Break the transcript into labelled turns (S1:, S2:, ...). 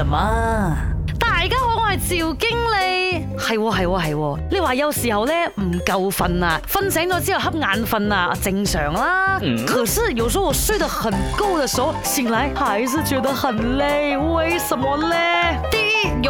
S1: 什麼，大家好，我係趙經理，係係係。你話有時候咧唔夠瞓啊，瞓醒咗之後瞌眼瞓啊，正常啦。嗯，可是有時候我睡得很夠的時候，醒來還是覺得很累，為什麼呢？第一。